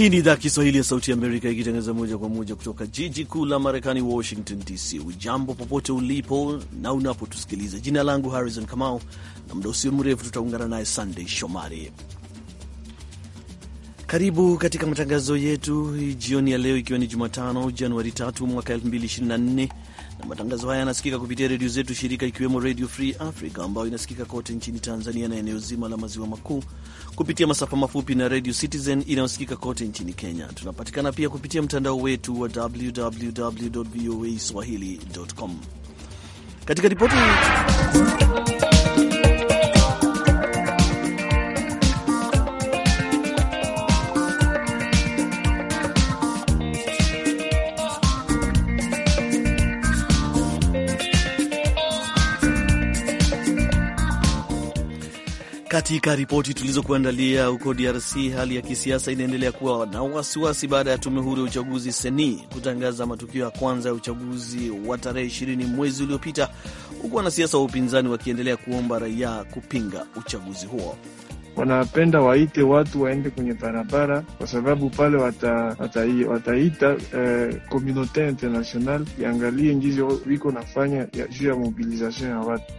Hii ni idhaa Kiswahili ya Sauti ya Amerika ikitangaza moja kwa moja kutoka jiji kuu la Marekani, Washington DC. Ujambo popote ulipo na unapotusikiliza, jina langu Harrison Kamau na muda usio mrefu tutaungana naye Sandey Shomari. Karibu katika matangazo yetu jioni ya leo, ikiwa ni Jumatano Januari 3 mwaka 2024 na matangazo haya yanasikika kupitia redio zetu shirika, ikiwemo Radio Free Africa ambayo inasikika kote nchini Tanzania na eneo zima la maziwa makuu kupitia masafa mafupi na Radio Citizen inayosikika kote nchini Kenya. Tunapatikana pia kupitia mtandao wetu wa www voa swahili.com. Katika ripoti Katika ripoti tulizokuandalia, huko DRC hali ya kisiasa inaendelea kuwa na wasiwasi baada ya tume huru ya uchaguzi seni kutangaza matukio ya kwanza ya uchaguzi wa tarehe ishirini mwezi uliopita, huku wanasiasa wa upinzani wakiendelea kuomba raia kupinga uchaguzi huo. Wanapenda waite watu waende kwenye barabara kwa sababu pale wata, wata, wataita komunote eh, international iangalie njizi wiko nafanya juu ya mobilization ya watu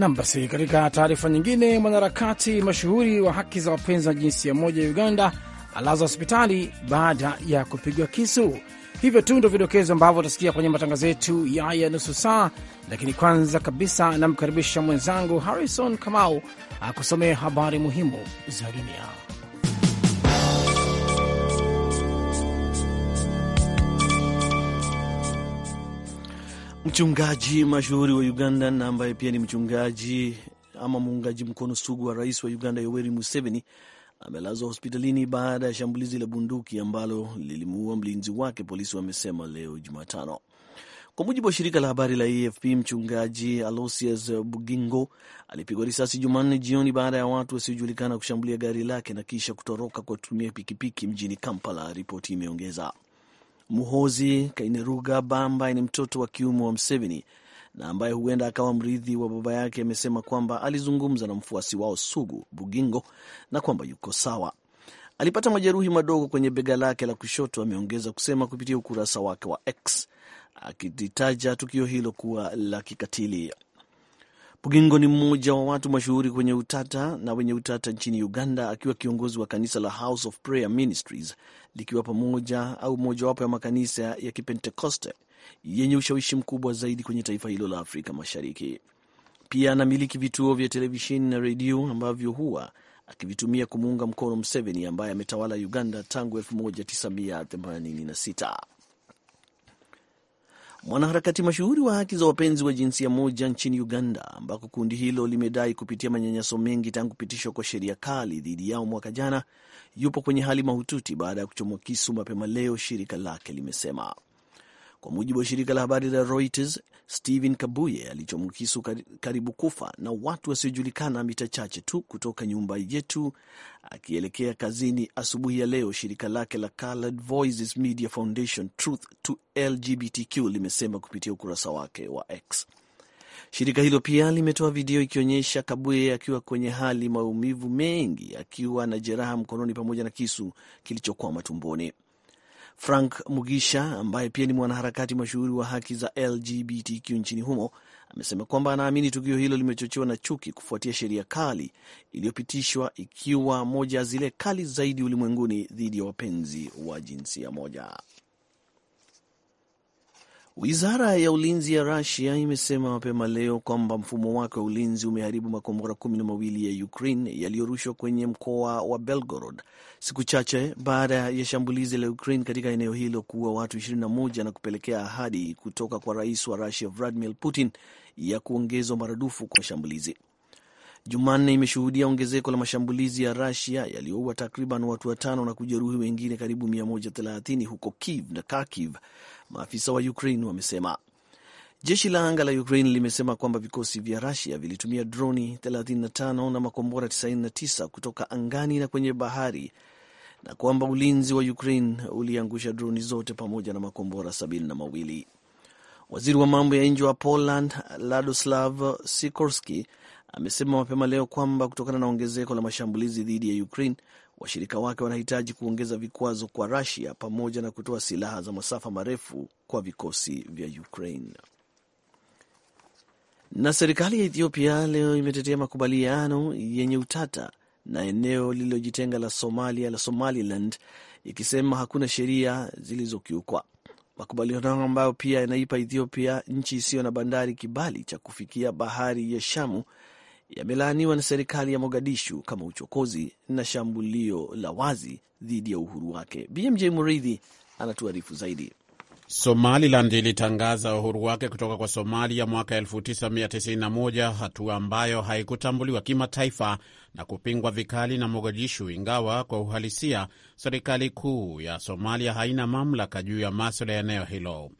Nam, basi katika taarifa nyingine, mwanaharakati mashuhuri wa haki za wapenzi wa jinsia moja ya Uganda alaza hospitali baada ya kupigwa kisu. Hivyo tu ndo vidokezo ambavyo utasikia kwenye matangazo yetu ya ya nusu saa, lakini kwanza kabisa namkaribisha mwenzangu Harrison Kamau akusomea habari muhimu za dunia. Mchungaji mashuhuri wa Uganda na ambaye pia ni mchungaji ama muungaji mkono sugu wa rais wa Uganda Yoweri Museveni amelazwa hospitalini baada ya shambulizi la bunduki ambalo lilimuua mlinzi wake, polisi wamesema leo Jumatano. Kwa mujibu wa shirika la habari la AFP, mchungaji alosius Bugingo alipigwa risasi Jumanne jioni baada ya watu wasiojulikana kushambulia gari lake na kisha kutoroka kwa kutumia pikipiki mjini Kampala, ripoti imeongeza. Muhozi Kaineruga ambaye ni mtoto wa kiume wa Mseveni na ambaye huenda akawa mrithi wa baba yake, amesema kwamba alizungumza na mfuasi wao sugu Bugingo na kwamba yuko sawa. Alipata majeruhi madogo kwenye bega lake la kushoto, ameongeza kusema kupitia ukurasa wake wa X akilitaja tukio hilo kuwa la kikatili. Bugingo ni mmoja wa watu mashuhuri kwenye utata na wenye utata nchini Uganda, akiwa kiongozi wa kanisa la House of Prayer Ministries, likiwa pamoja au mojawapo ya makanisa ya Kipentekoste yenye ushawishi mkubwa zaidi kwenye taifa hilo la Afrika Mashariki. Pia anamiliki vituo vya televisheni na redio ambavyo huwa akivitumia kumuunga mkono mseveni ambaye ametawala Uganda tangu 1986 mwanaharakati mashuhuri wa haki za wapenzi wa jinsia moja nchini Uganda, ambako kundi hilo limedai kupitia manyanyaso mengi tangu kupitishwa kwa sheria kali dhidi yao mwaka jana, yupo kwenye hali mahututi baada ya kuchomwa kisu mapema leo, shirika lake limesema. Kwa mujibu wa shirika la habari la Reuters, Stephen Kabuye alichomkisu karibu kufa na watu wasiojulikana mita chache tu kutoka nyumba yetu akielekea kazini asubuhi ya leo. Shirika lake la Colored Voices Media Foundation Truth to LGBTQ limesema kupitia ukurasa wake wa X. Shirika hilo pia limetoa video ikionyesha Kabuye akiwa kwenye hali maumivu mengi, akiwa na jeraha mkononi pamoja na kisu kilichokwama tumboni. Frank Mugisha ambaye pia ni mwanaharakati mashuhuri wa haki za LGBTQ nchini humo amesema kwamba anaamini tukio hilo limechochewa na chuki kufuatia sheria kali iliyopitishwa ikiwa moja ya zile kali zaidi ulimwenguni dhidi ya wapenzi wa jinsia moja. Wizara ya ulinzi ya Rusia imesema mapema leo kwamba mfumo wake wa ulinzi umeharibu makombora kumi na mawili ya Ukraine yaliyorushwa kwenye mkoa wa Belgorod siku chache baada ya shambulizi la Ukraine katika eneo hilo kuua watu 21 na kupelekea ahadi kutoka kwa rais wa Rusia Vladimir Putin ya kuongezwa maradufu kwa shambulizi. Jumanne imeshuhudia ongezeko la mashambulizi ya Rusia yaliyoua takriban watu watano na kujeruhi wengine karibu 130 huko Kiev na Kharkiv, maafisa wa Ukraine wamesema. Jeshi la anga la Ukraine limesema kwamba vikosi vya Rusia vilitumia droni 35 na makombora 99 kutoka angani na kwenye bahari na kwamba ulinzi wa Ukraine uliangusha droni zote pamoja na makombora sabini na mawili. Waziri wa mambo ya nje wa Poland Ladoslav Sikorski amesema mapema leo kwamba kutokana na ongezeko la mashambulizi dhidi ya Ukraine, washirika wake wanahitaji kuongeza vikwazo kwa Russia pamoja na kutoa silaha za masafa marefu kwa vikosi vya Ukraine. Na serikali ya Ethiopia leo imetetea makubaliano yenye utata na eneo lililojitenga la Somalia la Somaliland, ikisema hakuna sheria zilizokiukwa. Makubaliano ambayo pia yanaipa Ethiopia, nchi isiyo na bandari, kibali cha kufikia bahari ya Shamu yamelaaniwa na serikali ya Mogadishu kama uchokozi na shambulio la wazi dhidi ya uhuru wake. BMJ Muridhi anatuarifu zaidi. Somaliland ilitangaza uhuru wake kutoka kwa Somalia mwaka 1991, hatua ambayo haikutambuliwa kimataifa na kupingwa vikali na Mogadishu, ingawa kwa uhalisia serikali kuu ya Somalia haina mamlaka juu ya maswala ya eneo hilo.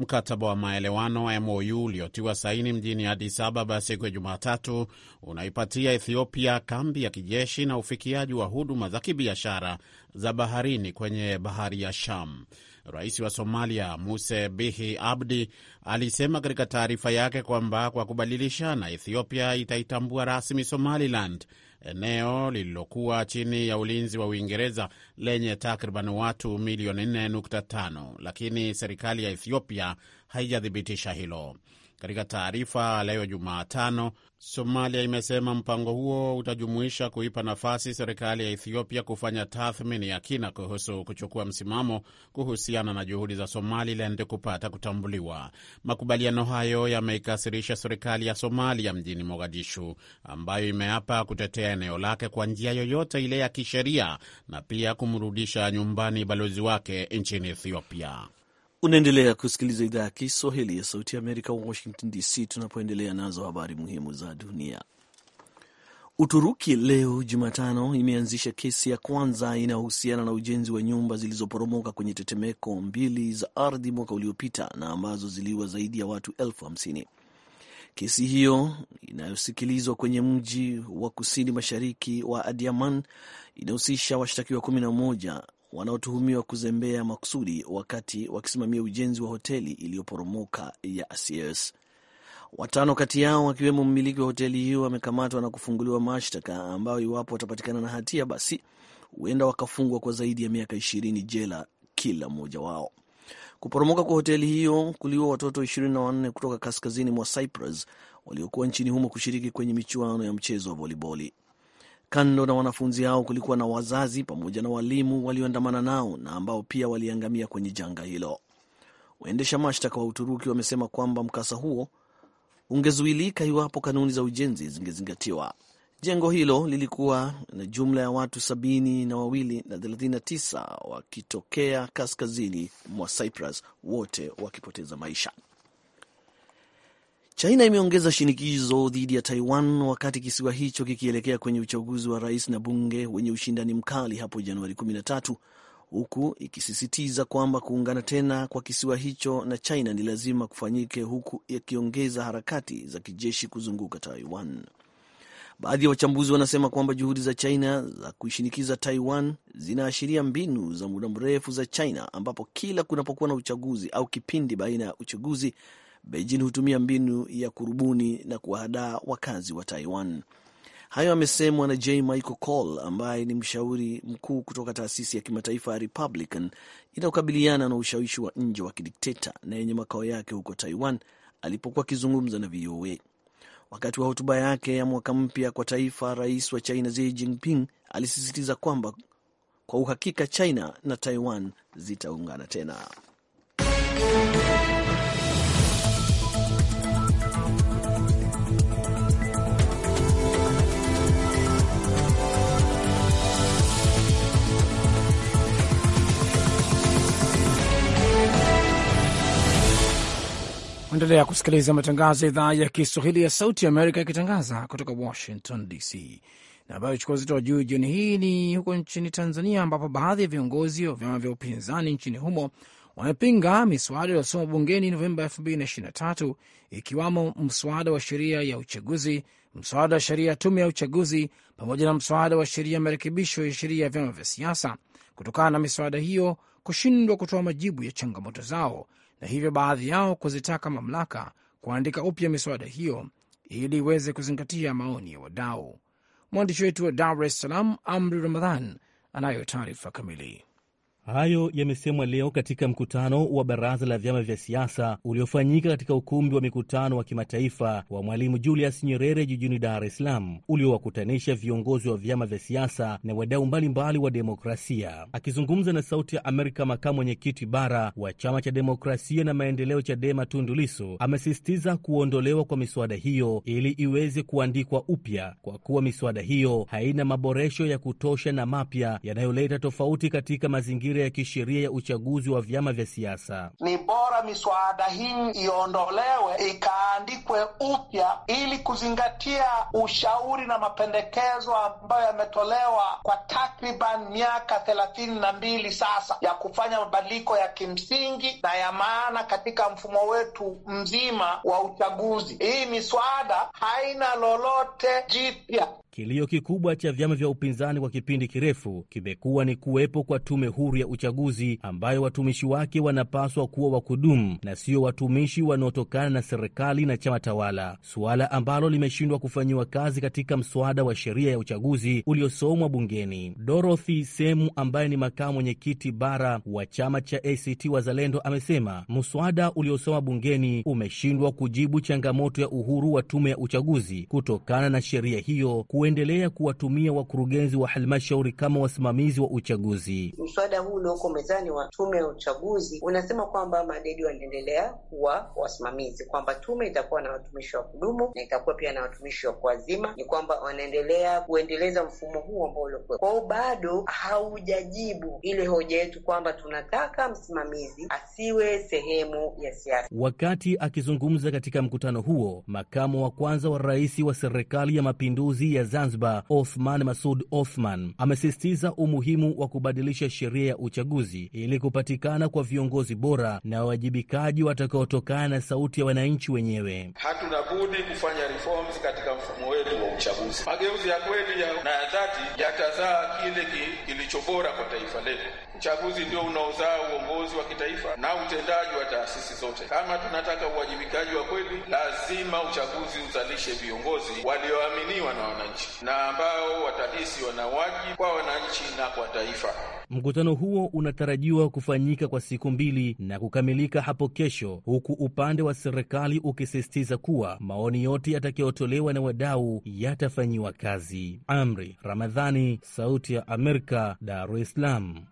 Mkataba wa maelewano MOU uliotiwa saini mjini Addis Ababa siku ya Jumatatu unaipatia Ethiopia kambi ya kijeshi na ufikiaji wa huduma za kibiashara za baharini kwenye bahari ya Sham. Rais wa Somalia Muse Bihi Abdi alisema katika taarifa yake kwamba kwa kubadilishana, Ethiopia itaitambua rasmi Somaliland eneo lililokuwa chini ya ulinzi wa Uingereza lenye takriban watu milioni 4.5, lakini serikali ya Ethiopia haijathibitisha hilo. Katika taarifa leo Jumatano, Somalia imesema mpango huo utajumuisha kuipa nafasi serikali ya Ethiopia kufanya tathmini ya kina kuhusu kuchukua msimamo kuhusiana na juhudi za Somaliland kupata kutambuliwa. Makubaliano hayo yameikasirisha serikali ya Somalia mjini Mogadishu, ambayo imeapa kutetea eneo lake kwa njia yoyote ile ya kisheria na pia kumrudisha nyumbani balozi wake nchini Ethiopia. Unaendelea kusikiliza idhaa ya Kiswahili ya Sauti ya Amerika, Washington DC, tunapoendelea nazo habari muhimu za dunia. Uturuki leo Jumatano imeanzisha kesi ya kwanza inayohusiana na ujenzi wa nyumba zilizoporomoka kwenye tetemeko mbili za ardhi mwaka uliopita na ambazo ziliua zaidi ya watu elfu hamsini. Kesi hiyo inayosikilizwa kwenye mji wa kusini mashariki wa Adiaman inahusisha washtakiwa kumi na moja wanaotuhumiwa kuzembea makusudi wakati wakisimamia ujenzi wa hoteli iliyoporomoka ya Asiers. Watano kati yao wakiwemo mmiliki wa hoteli hiyo wamekamatwa na kufunguliwa mashtaka ambayo iwapo watapatikana na hatia, basi huenda wakafungwa kwa zaidi ya miaka ishirini jela kila mmoja wao. Kuporomoka kwa hoteli hiyo kuliwa watoto ishirini na wanne kutoka kaskazini mwa Cyprus waliokuwa nchini humo kushiriki kwenye michuano ya mchezo wa voliboli. Kando na wanafunzi hao, kulikuwa na wazazi pamoja na walimu walioandamana nao na ambao pia waliangamia kwenye janga hilo. Waendesha mashtaka wa Uturuki wamesema kwamba mkasa huo ungezuilika iwapo kanuni za ujenzi zingezingatiwa. Jengo hilo lilikuwa na jumla ya watu sabini na wawili na 39 wakitokea kaskazini mwa Cyprus, wote wakipoteza maisha. China imeongeza shinikizo dhidi ya Taiwan wakati kisiwa hicho kikielekea kwenye uchaguzi wa rais na bunge wenye ushindani mkali hapo Januari 13 huku ikisisitiza kwamba kuungana tena kwa kisiwa hicho na China ni lazima kufanyike, huku yakiongeza harakati za kijeshi kuzunguka Taiwan. Baadhi ya wachambuzi wanasema kwamba juhudi za China za kuishinikiza Taiwan zinaashiria mbinu za muda mrefu za China, ambapo kila kunapokuwa na uchaguzi au kipindi baina ya uchaguzi, Beijing hutumia mbinu ya kurubuni na kuwahadaa wakazi wa Taiwan. Hayo amesemwa na J Michael Cole ambaye ni mshauri mkuu kutoka taasisi ya kimataifa ya Republican inayokabiliana na ushawishi wa nje wa kidikteta na yenye makao yake huko Taiwan, alipokuwa akizungumza na VOA wakati wa hotuba yake ya mwaka mpya kwa taifa. Rais wa China Xi Jinping alisisitiza kwamba kwa uhakika China na Taiwan zitaungana tena. Unaendelea kusikiliza matangazo ya idhaa ya Kiswahili ya Sauti Amerika ikitangaza kutoka Washington DC na ambayo chukua uzito wa juu jioni hii ni huko nchini Tanzania, ambapo baadhi ya viongozi wa vyama vya upinzani nchini humo wamepinga miswada iliyosoma bungeni Novemba 2023 ikiwamo mswada wa sheria ya uchaguzi, mswada wa sheria ya tume ya uchaguzi pamoja na mswada wa sheria ya marekebisho ya sheria ya vyama vya siasa, kutokana na miswada hiyo kushindwa kutoa majibu ya changamoto zao na hivyo baadhi yao kuzitaka mamlaka kuandika upya miswada hiyo ili iweze kuzingatia maoni ya wadau. Mwandishi wetu wa Dar es Salaam, Amri Ramadhan, anayo taarifa kamili. Hayo yamesemwa leo katika mkutano wa baraza la vyama vya siasa uliofanyika katika ukumbi wa mikutano wa kimataifa wa Mwalimu Julius Nyerere jijini Dar es Salaam, uliowakutanisha viongozi wa vyama vya siasa na wadau mbalimbali wa demokrasia. Akizungumza na Sauti ya Amerika, makamu mwenyekiti bara wa Chama cha Demokrasia na Maendeleo, CHADEMA, Tundu Lissu amesisitiza kuondolewa kwa miswada hiyo ili iweze kuandikwa upya, kwa kuwa miswada hiyo haina maboresho ya kutosha na mapya yanayoleta tofauti katika mazingira dhamira ya kisheria ya uchaguzi wa vyama vya siasa. Ni bora miswada hii iondolewe ikaandikwe upya ili kuzingatia ushauri na mapendekezo ambayo yametolewa kwa takriban miaka thelathini na mbili sasa ya kufanya mabadiliko ya kimsingi na ya maana katika mfumo wetu mzima wa uchaguzi. Hii miswada haina lolote jipya. Kilio kikubwa cha vyama vya upinzani kwa kipindi kirefu kimekuwa ni kuwepo kwa tume huru ya uchaguzi ambayo watumishi wake wanapaswa kuwa wa kudumu na sio watumishi wanaotokana na serikali na chama tawala, suala ambalo limeshindwa kufanyiwa kazi katika mswada wa sheria ya uchaguzi uliosomwa bungeni. Dorothy Semu ambaye ni makamu mwenyekiti bara wa chama cha ACT Wazalendo amesema mswada uliosoma bungeni umeshindwa kujibu changamoto ya uhuru wa tume ya uchaguzi kutokana na sheria hiyo kuendelea kuwatumia wakurugenzi wa halmashauri kama wasimamizi wa uchaguzi. Mswada huu ulioko mezani wa tume ya uchaguzi unasema kwamba madedi wanaendelea kuwa wasimamizi, kwamba tume itakuwa na watumishi wa kudumu na itakuwa pia na watumishi wa kuazima. Ni kwamba wanaendelea kuendeleza mfumo huu ambao uliokuwa kwao. Bado haujajibu ile hoja yetu kwamba tunataka msimamizi asiwe sehemu ya siasa. Wakati akizungumza katika mkutano huo, makamu wa kwanza wa rais wa serikali ya mapinduzi ya Zanzibar Othman Masud Othman amesisitiza umuhimu wa kubadilisha sheria ya uchaguzi ili kupatikana kwa viongozi bora na wawajibikaji watakaotokana na sauti ya wananchi wenyewe. Hatuna budi kufanya reforms katika mfumo wetu wa uchaguzi. Mageuzi ya kweli na ya dhati yatazaa kile ki, kilicho bora kwa taifa letu. Uchaguzi ndio unaozaa uongozi wa kitaifa na utendaji wa taasisi zote. Kama tunataka uwajibikaji wa kweli, lazima uchaguzi uzalishe viongozi walioaminiwa na wananchi na ambao watahisi wana wajibu kwa wananchi na kwa taifa. Mkutano huo unatarajiwa kufanyika kwa siku mbili na kukamilika hapo kesho, huku upande wa serikali ukisisitiza kuwa maoni yote yatakayotolewa na wadau yatafanyiwa kazi. Amri Ramadhani, Sauti ya Amerika, Dar es Salaam.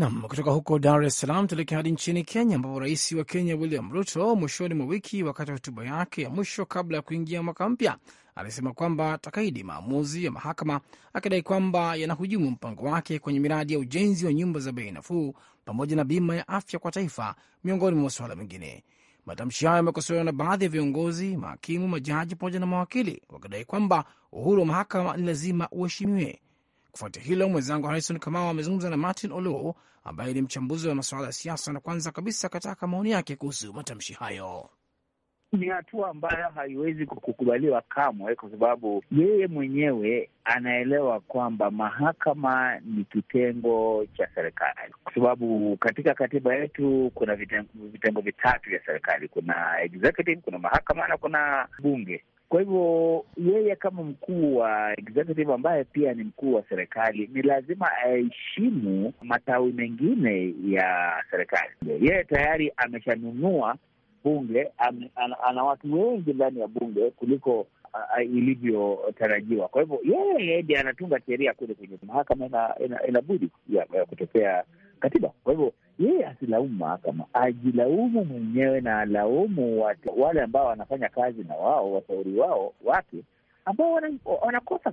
Nam, kutoka huko Dar es Salaam tuelekea hadi nchini Kenya, ambapo rais wa Kenya William Ruto mwishoni mwa wiki, wakati wa hotuba yake ya mwisho kabla ya kuingia mwaka mpya, alisema kwamba atakaidi maamuzi ya mahakama, akidai kwamba yanahujumu mpango wake kwenye miradi ya ujenzi wa nyumba za bei nafuu pamoja na bima ya afya kwa taifa, miongoni mwa masuala mengine. Matamshi hayo yamekosolewa na baadhi ya viongozi, mahakimu, majaji pamoja na mawakili, wakidai kwamba uhuru wa mahakama ni lazima uheshimiwe. Kufuatia hilo, mwenzangu harison Kamau amezungumza na Martin Oloo ambaye ni mchambuzi wa masuala ya siasa, na kwanza kabisa akataka maoni yake kuhusu matamshi hayo. Ni hatua ambayo haiwezi kukubaliwa kamwe, kwa sababu yeye mwenyewe anaelewa kwamba mahakama ni kitengo cha serikali, kwa sababu katika katiba yetu kuna vitengo, vitengo vitatu vya serikali: kuna executive, kuna mahakama na kuna bunge. Kwa hivyo yeye kama mkuu wa executive ambaye pia ni mkuu wa serikali ni lazima aheshimu matawi mengine ya serikali. Yeye tayari ameshanunua bunge, ame, ana, ana watu wengi ndani ya bunge kuliko uh, ilivyotarajiwa. Kwa hivyo yeye ndiye anatunga sheria kule kwenye mahakama, ina, ina, ya, ya kutokea katiba. Kwa hivyo yeye asilaumu mahakama, ajilaumu mwenyewe na alaumu watu wale ambao wanafanya kazi na wao, washauri wao wake ambao wanakosa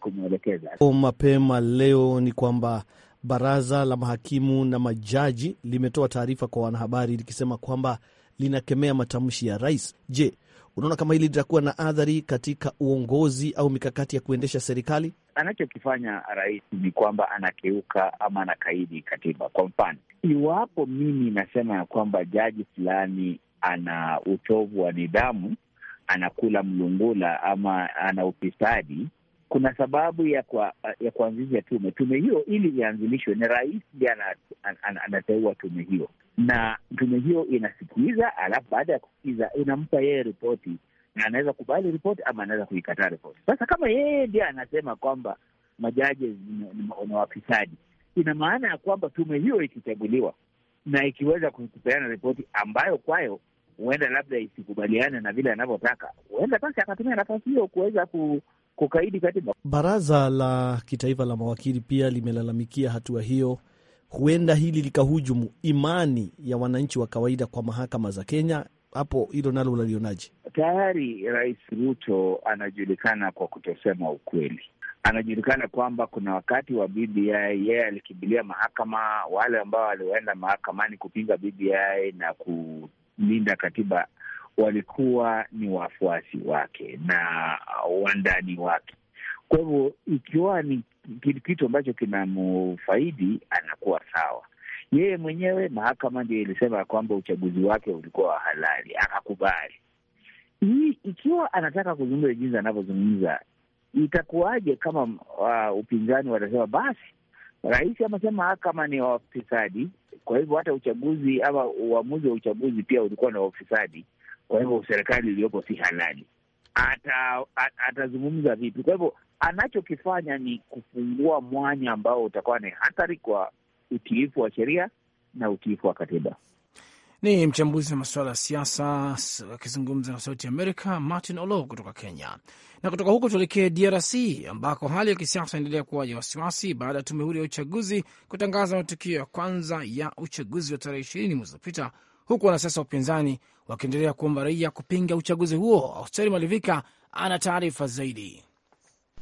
kumwelekeza. Mapema leo ni kwamba baraza la mahakimu na majaji limetoa taarifa kwa wanahabari likisema kwamba linakemea matamshi ya rais. Je, unaona kama hili litakuwa na athari katika uongozi au mikakati ya kuendesha serikali? anachokifanya rais ni kwamba anakeuka ama anakaidi katiba. Kwa mfano, iwapo mimi nasema ya kwamba jaji fulani ana utovu wa nidhamu, anakula mlungula ama ana ufisadi, kuna sababu ya kwa, ya kuanzisha tume. Tume hiyo ili ianzilishwe, ni rais ndiye anateua tume hiyo, na tume hiyo inasikiliza, alafu baada ya kusikiza inampa yeye ripoti na anaweza kubali ripoti ama anaweza kuikataa ripoti. Sasa kama yeye ndiye anasema kwamba majaji ni wafisadi, ina maana ya kwamba tume hiyo ikichaguliwa na ikiweza kupeana ripoti ambayo kwayo huenda labda isikubaliane na vile anavyotaka, huenda basi akatumia nafasi hiyo kuweza ku kukaidi katiba. Baraza la kitaifa la mawakili pia limelalamikia hatua hiyo. Huenda hili likahujumu imani ya wananchi wa kawaida kwa mahakama za Kenya hapo hilo nalo unalionaje? Tayari Rais Ruto anajulikana kwa kutosema ukweli. Anajulikana kwamba kuna wakati wa BBI yeye alikimbilia mahakama, wale ambao walioenda mahakamani kupinga BBI na kulinda katiba walikuwa ni wafuasi wake na wandani wake. Kwa hivyo ikiwa ni kitu ambacho kinamfaidi, anakuwa sawa yeye mwenyewe mahakama ndio ilisema kwamba uchaguzi wake ulikuwa wa halali, akakubali. Hii ikiwa anataka kuzungumza jinsi anavyozungumza, itakuwaje kama uh, upinzani watasema basi rais amesema mahakama ni wafisadi, kwa hivyo hata uchaguzi ama uamuzi wa uchaguzi pia ulikuwa na wafisadi, kwa hivyo serikali iliyopo si halali. Ata, atazungumza vipi? Kwa hivyo anachokifanya ni kufungua mwanya ambao utakuwa ni hatari kwa utiifu wa sheria na utiifu wa katiba. Ni mchambuzi wa masuala ya siasa akizungumza na Sauti Amerika, Martin Olo kutoka Kenya. Na kutoka huko tuelekee DRC ambako hali ya kisiasa inaendelea kuwa ya wasiwasi baada ya tume huru ya uchaguzi kutangaza matukio ya kwanza ya uchaguzi wa tarehe ishirini mwezi uliopita, huku wanasiasa wa upinzani wakiendelea kuomba raia kupinga uchaguzi huo. Austeri Malivika ana taarifa zaidi.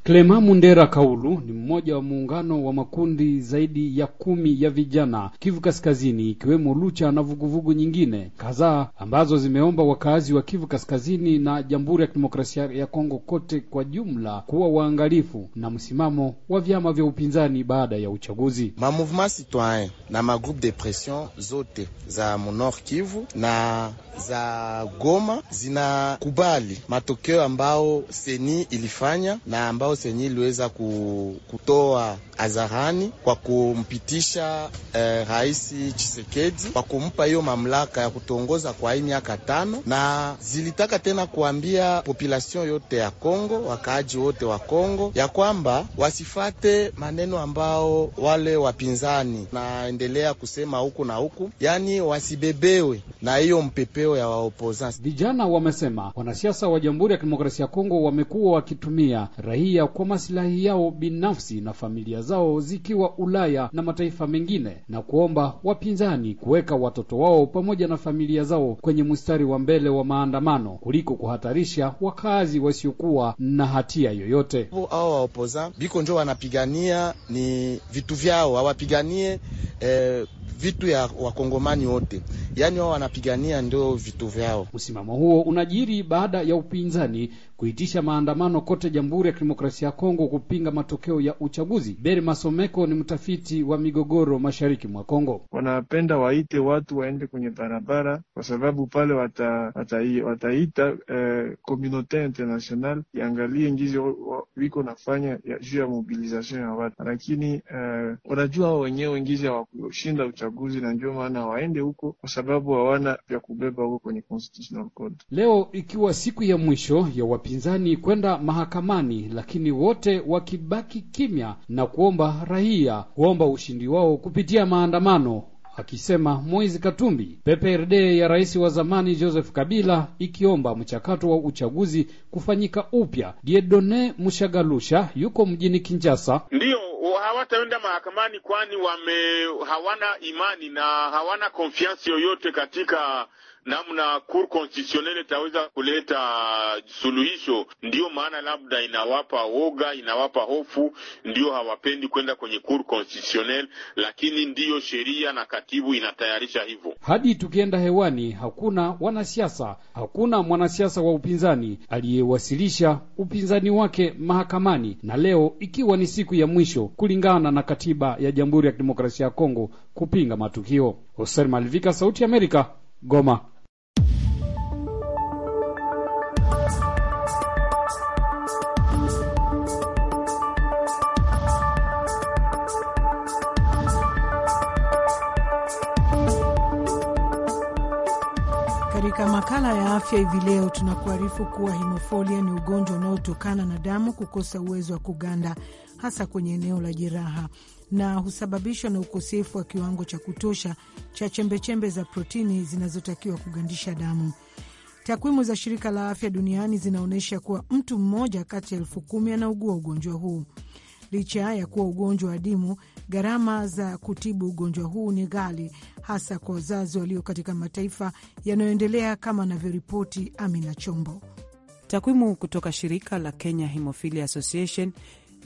Clement Mundera Kaulu ni mmoja wa muungano wa makundi zaidi ya kumi ya vijana Kivu Kaskazini, ikiwemo Lucha na vuguvugu nyingine kadhaa ambazo zimeomba wakazi wa Kivu Kaskazini na Jamhuri ya Kidemokrasia ya Kongo kote kwa jumla kuwa waangalifu na msimamo wa vyama vya upinzani baada ya uchaguzi. Ma mouvement citoyen na ma groupe de pression zote za monor Kivu na za Goma zinakubali matokeo ambao seni ilifanya na ambao House yenyewe iliweza kutoa azarani kwa kumpitisha eh, Rais Chisekedi kwa kumpa hiyo mamlaka ya kutongoza kwa hii miaka tano, na zilitaka tena kuambia population yote ya Kongo, wakaaji wote wa Kongo ya kwamba wasifate maneno ambao wale wapinzani naendelea kusema huku na huku, yani wasibebewe na hiyo mpepeo ya waopozasi. Vijana wamesema wanasiasa wa Jamhuri ya Kidemokrasia ya Kongo wamekuwa wakitumia raia pia kwa masilahi yao binafsi na familia zao zikiwa Ulaya na mataifa mengine, na kuomba wapinzani kuweka watoto wao pamoja na familia zao kwenye mstari wa mbele wa maandamano kuliko kuhatarisha wakazi wasiokuwa na hatia yoyote. Hao waopoza biko njo wanapigania ni vitu vyao, hawapiganie eh, vitu ya wakongomani wote, yaani wao wanapigania ndio vitu vyao. Msimamo huo unajiri baada ya upinzani kuitisha maandamano kote Jamhuri ya Kidemokrasia ya Kongo kupinga matokeo ya uchaguzi. Beri Masomeko ni mtafiti wa migogoro mashariki mwa Kongo. Wanapenda waite watu waende kwenye barabara, kwa sababu pale wata, wata, wataita komunote eh, international iangalie ngizi wiko nafanya juu ya mobilization ya watu, lakini eh, wanajua wenyewe ngizi hawakushinda uchaguzi uchaguzi na ndio maana waende huko, kwa sababu hawana vya kubeba huko kwenye constitutional Leo ikiwa siku ya mwisho ya wapinzani kwenda mahakamani, lakini wote wakibaki kimya na kuomba raia kuomba ushindi wao kupitia maandamano akisema Moise Katumbi. PPRD ya rais wa zamani Joseph Kabila ikiomba mchakato wa uchaguzi kufanyika upya. Diedone Mshagalusha yuko mjini Kinshasa. Ndiyo, hawataenda mahakamani kwani wame hawana imani na hawana konfiansi yoyote katika namna Cour Constitutionnelle itaweza kuleta suluhisho. Ndiyo maana labda inawapa woga, inawapa hofu, ndiyo hawapendi kwenda kwenye Cour Constitutionnelle, lakini ndiyo sheria na katibu inatayarisha hivyo. Hadi tukienda hewani, hakuna wanasiasa, hakuna mwanasiasa wa upinzani aliyewasilisha upinzani wake mahakamani, na leo ikiwa ni siku ya mwisho kulingana na katiba ya Jamhuri ya Kidemokrasia ya Kongo kupinga matukio. Hoser Malivika, Sauti ya Amerika, Goma. makala ya afya hivi leo tunakuarifu kuwa himofolia ni ugonjwa unaotokana na damu kukosa uwezo wa kuganda hasa kwenye eneo la jeraha na husababishwa na ukosefu wa kiwango cha kutosha cha chembechembe za protini zinazotakiwa kugandisha damu. Takwimu za shirika la afya duniani zinaonyesha kuwa mtu mmoja kati ya elfu kumi anaugua ugonjwa huu. Licha ya kuwa ugonjwa wa dimu, gharama za kutibu ugonjwa huu ni ghali, hasa kwa wazazi walio katika mataifa yanayoendelea, kama anavyoripoti Amina Chombo. Takwimu kutoka shirika la Kenya Hemophilia Association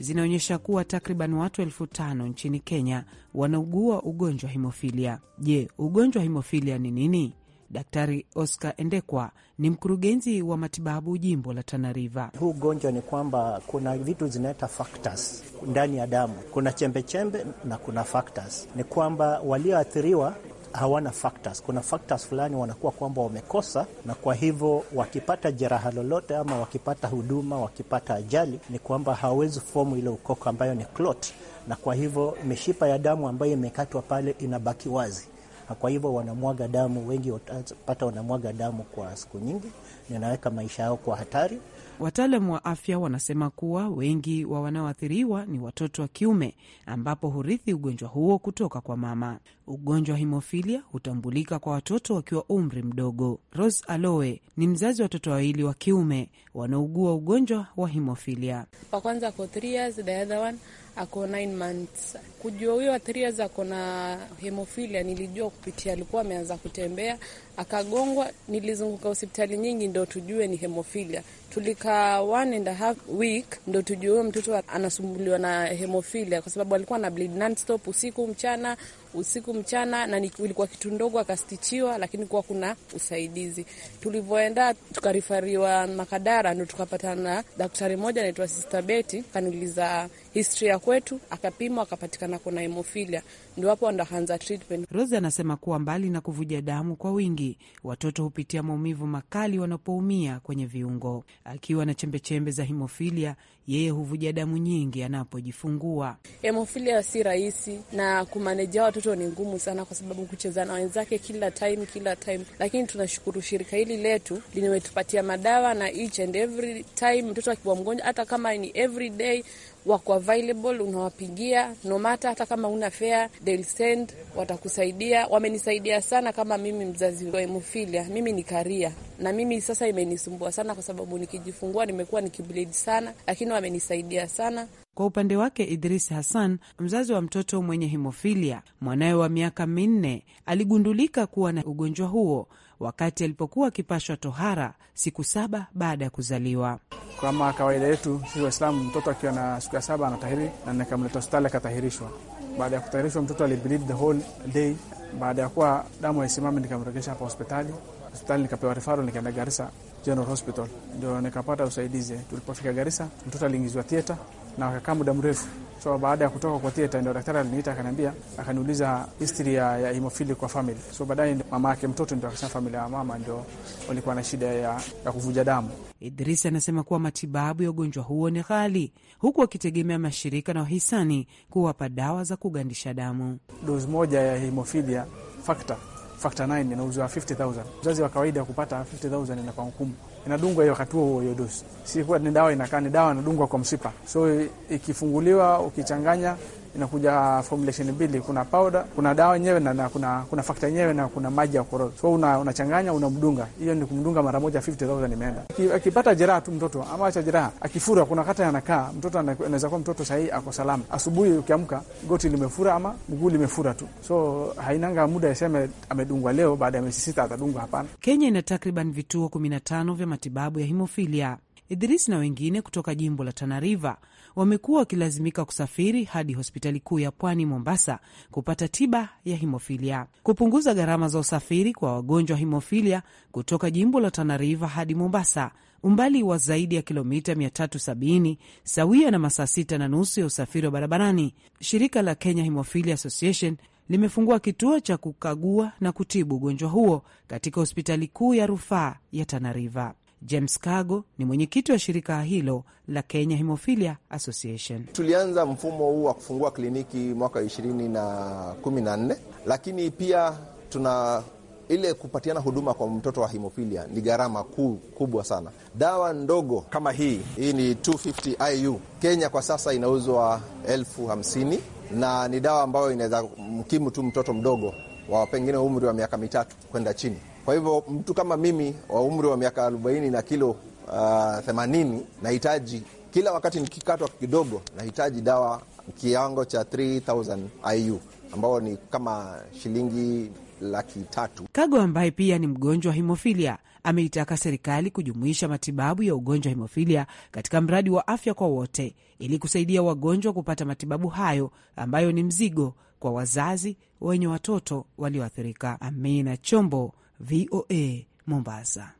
zinaonyesha kuwa takriban watu elfu tano nchini Kenya wanaugua ugonjwa himofilia. Je, ugonjwa himofilia ni nini? Daktari Oscar Endekwa ni mkurugenzi wa matibabu jimbo la Tana River. Huu ugonjwa ni kwamba kuna vitu zinaita factors ndani ya damu, kuna chembechembe chembe na kuna factors. Ni kwamba walioathiriwa hawana factors. Kuna factors fulani wanakuwa kwamba wamekosa, na kwa hivyo wakipata jeraha lolote ama wakipata huduma, wakipata ajali, ni kwamba hawawezi fomu ile ukoko ambayo ni clot, na kwa hivyo mishipa ya damu ambayo imekatwa pale inabaki wazi na kwa hivyo wanamwaga damu, wengi watapata wanamwaga damu kwa siku nyingi, ninaweka maisha yao kwa hatari. Wataalam wa afya wanasema kuwa wengi wa wanaoathiriwa ni watoto wa kiume, ambapo hurithi ugonjwa huo kutoka kwa mama. Ugonjwa wa himofilia hutambulika kwa watoto wakiwa umri mdogo. Rose Aloe ni mzazi wa watoto wawili wa kiume wanaougua ugonjwa wa himofilia. kwanza, years, the other one ako 9 months. Kujua huyo athirias ako na hemofilia nilijua kupitia, alikuwa ameanza kutembea akagongwa. Nilizunguka hospitali nyingi ndo tujue ni hemofilia. Tulikaa one and a half week ndo tujue huyo mtoto anasumbuliwa na hemofilia, kwa sababu alikuwa na bleed nonstop, usiku mchana, usiku mchana, na ilikuwa kitu ndogo akastichiwa, lakini kuwa kuna usaidizi. Tulivyoenda tukarifariwa Makadara ndo tukapatana na daktari moja anaitwa Sister Betty, kaniuliza historia kwetu, akapimwa akapatikana kuna hemofilia, ndio hapo andaanza treatment. Rose anasema kuwa mbali na kuvuja damu kwa wingi, watoto hupitia maumivu makali wanapoumia kwenye viungo. Akiwa na chembechembe za hemofilia, yeye huvuja damu nyingi anapojifungua. Hemofilia si rahisi na kumaneja watoto ni ngumu sana, kwa sababu kucheza na wenzake kila time kila time, lakini tunashukuru shirika hili letu limetupatia madawa na each and every time mtoto akiwa mgonjwa, hata kama ni every day wako available, unawapigia no matter, hata kama una fare they'll send, watakusaidia. Wamenisaidia sana kama mimi mzazi wa hemofilia, mimi ni karia na mimi sasa imenisumbua sana kwa sababu nikijifungua nimekuwa nikibleed sana, lakini wamenisaidia sana. Kwa upande wake Idris Hassan, mzazi wa mtoto mwenye hemofilia, mwanawe wa miaka minne aligundulika kuwa na ugonjwa huo wakati alipokuwa akipashwa tohara siku saba baada ya kuzaliwa. Kama kawaida yetu sisi Waislamu, mtoto akiwa na siku ya saba anatahiri na nikamleta hospitali akatahirishwa. Baada ya kutahirishwa, mtoto alibleed the whole day. Baada ya kuwa damu haisimami, nikamregesha hapa hospitali. Hospitali nikapewa rifaro nikaenda garisa General Hospital, ndio nikapata usaidizi. Tulipofika garisa mtoto aliingizwa theater na wakakaa muda mrefu So baada ya kutoka kwa theater ndio daktari aliniita akaniambia, akaniuliza history ya, ya hemophili kwa family. So baadaye mama yake mtoto ndio akasema familia ya mama ndio walikuwa na shida ya, ya kuvuja damu. Idris anasema kuwa matibabu ya ugonjwa huo ni ghali, huku wakitegemea mashirika na wahisani kuwapa dawa za kugandisha damu. Dozi moja ya hemofilia factor factor 9 inauzwa 50000. Mzazi wa kawaida kupata 50000 inakuwa ngumu inadungwa hiyo wakati huo huo hiyo dosi, si kuwa ni dawa inakaa ni dawa inadungwa kwa mshipa. So ikifunguliwa ukichanganya inakuja formulation mbili, kuna powder, kuna dawa yenyewe na, na kuna, kuna factor yenyewe na kuna maji ya koroga. So una unachanganya unamdunga, hiyo ni kumdunga mara moja 50000 imeenda. Akipata jeraha tu mtoto ama acha jeraha, akifura kuna kata anakaa mtoto, anaweza kuwa mtoto sahihi ako salama, asubuhi ukiamka goti limefura ama mguu limefura tu, so hainanga muda iseme amedungwa leo, baada ya miezi sita atadungwa. Hapana. Kenya ina takriban vituo 15 vya matibabu ya himofilia. Idris na wengine kutoka jimbo la Tana River wamekuwa wakilazimika kusafiri hadi hospitali kuu ya pwani Mombasa kupata tiba ya himofilia. Kupunguza gharama za usafiri kwa wagonjwa himofilia kutoka jimbo la Tana River hadi Mombasa, umbali wa zaidi ya kilomita 370 sawia na masaa sita na nusu ya usafiri wa barabarani, shirika la Kenya Hemophilia Association limefungua kituo cha kukagua na kutibu ugonjwa huo katika hospitali kuu ya rufaa ya Tana River. James Kago ni mwenyekiti wa shirika hilo la Kenya Hemophilia Association. Tulianza mfumo huu wa kufungua kliniki mwaka ishirini na kumi na nne, lakini pia tuna ile kupatiana huduma kwa mtoto wa himofilia ni gharama kuu kubwa sana. Dawa ndogo kama hii hii ni 250 IU Kenya kwa sasa inauzwa elfu hamsini na ni dawa ambayo inaweza mkimu tu mtoto mdogo wa pengine umri wa miaka mitatu kwenda chini. Kwa hivyo mtu kama mimi wa umri wa miaka 40 na kilo uh, ah, 80 nahitaji kila wakati nikikatwa kidogo, nahitaji dawa kiwango cha 3000 IU ambao ni kama shilingi laki tatu. Kago ambaye pia ni mgonjwa wa himofilia ameitaka serikali kujumuisha matibabu ya ugonjwa wa himofilia katika mradi wa afya kwa wote ili kusaidia wagonjwa kupata matibabu hayo ambayo ni mzigo kwa wazazi wenye watoto walioathirika. Amina Chombo, VOA Mombasa.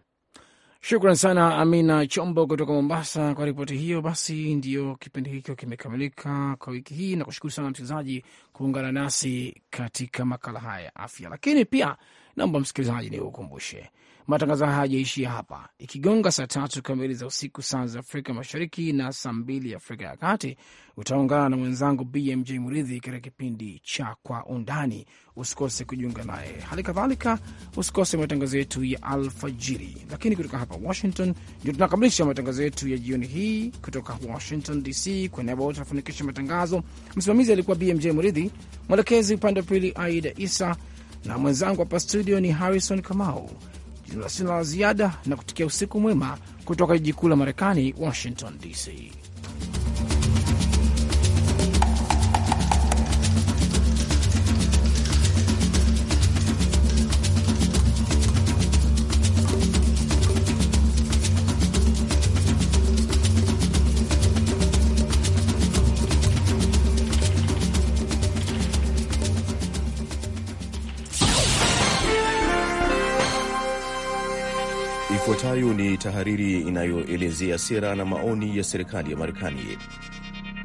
Shukran sana Amina Chombo kutoka Mombasa kwa ripoti hiyo. Basi ndiyo kipindi hicho kimekamilika kwa wiki hii, na kushukuru sana msikilizaji kuungana nasi katika makala haya ya afya. Lakini pia naomba msikilizaji ni ukumbushe Matangazo haya hayajaishia hapa. Ikigonga saa tatu kamili za usiku saa za Afrika Mashariki na saa mbili Afrika ya Kati, utaungana na mwenzangu BMJ Muridhi katika kipindi cha Kwa Undani. Usikose kujiunga naye, hali kadhalika usikose matangazo yetu ya alfajiri. Lakini kutoka hapa Washington ndio tunakamilisha matangazo yetu ya jioni hii. Kutoka Washington DC, kwa niaba wote tunafanikisha matangazo, msimamizi alikuwa BMJ Muridhi, mwelekezi upande wa pili Aida Isa na mwenzangu hapa studio ni Harrison Kamau. Sina la ziada na kutikia usiku mwema kutoka jiji kuu la Marekani, Washington DC. tahariri inayoelezea sera na maoni ya serikali ya Marekani.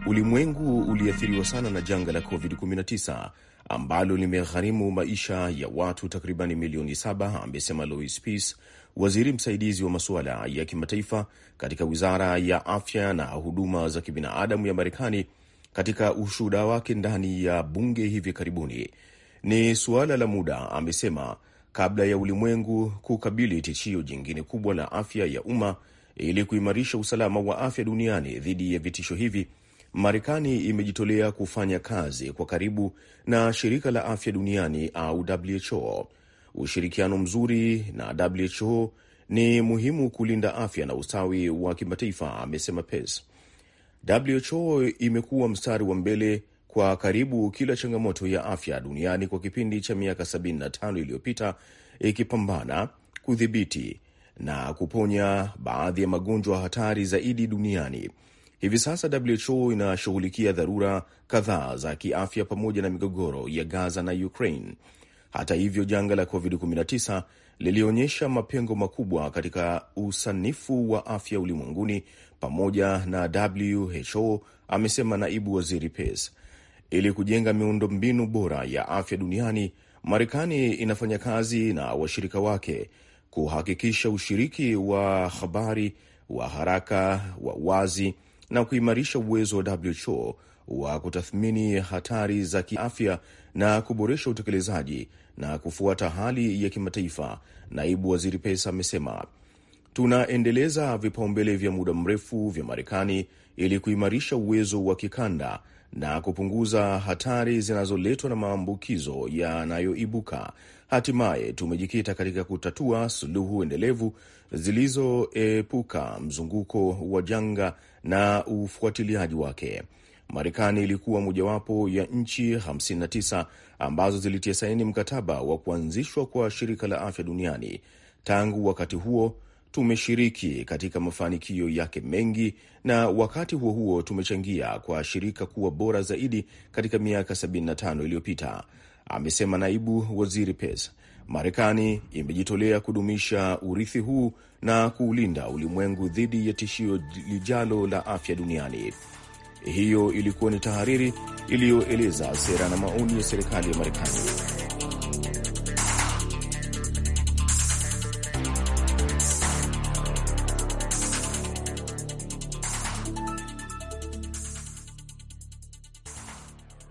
Ulimwengu uliathiriwa sana na janga la COVID-19 ambalo limegharimu maisha ya watu takribani milioni saba, amesema Louis Peace, waziri msaidizi wa masuala ya kimataifa katika wizara ya afya na huduma za kibinadamu ya Marekani, katika ushuhuda wake ndani ya bunge hivi karibuni. Ni suala la muda, amesema, kabla ya ulimwengu kukabili tishio jingine kubwa la afya ya umma. Ili kuimarisha usalama wa afya duniani dhidi ya vitisho hivi, Marekani imejitolea kufanya kazi kwa karibu na shirika la afya duniani au WHO. Ushirikiano mzuri na WHO ni muhimu kulinda afya na ustawi wa kimataifa, amesema Pes. WHO imekuwa mstari wa mbele kwa karibu kila changamoto ya afya duniani kwa kipindi cha miaka 75 iliyopita, ikipambana kudhibiti na kuponya baadhi ya magonjwa hatari zaidi duniani. Hivi sasa WHO inashughulikia dharura kadhaa za kiafya pamoja na migogoro ya Gaza na Ukraine. Hata hivyo, janga la COVID-19 lilionyesha mapengo makubwa katika usanifu wa afya ulimwenguni pamoja na WHO, amesema naibu waziri Pace ili kujenga miundombinu bora ya afya duniani, Marekani inafanya kazi na washirika wake kuhakikisha ushiriki wa habari wa haraka wa wazi na kuimarisha uwezo wa WHO wa kutathmini hatari za kiafya na kuboresha utekelezaji na kufuata hali ya kimataifa. Naibu Waziri Pesa amesema tunaendeleza vipaumbele vya muda mrefu vya Marekani ili kuimarisha uwezo wa kikanda na kupunguza hatari zinazoletwa na maambukizo yanayoibuka. Hatimaye tumejikita katika kutatua suluhu endelevu zilizoepuka mzunguko wa janga na ufuatiliaji wake. Marekani ilikuwa mojawapo ya nchi 59 ambazo zilitia saini mkataba wa kuanzishwa kwa shirika la afya duniani. Tangu wakati huo tumeshiriki katika mafanikio yake mengi, na wakati huo huo tumechangia kwa shirika kuwa bora zaidi katika miaka 75 iliyopita, amesema naibu waziri Pes. Marekani imejitolea kudumisha urithi huu na kuulinda ulimwengu dhidi ya tishio lijalo la afya duniani. Hiyo ilikuwa ni tahariri iliyoeleza sera na maoni ya serikali ya Marekani.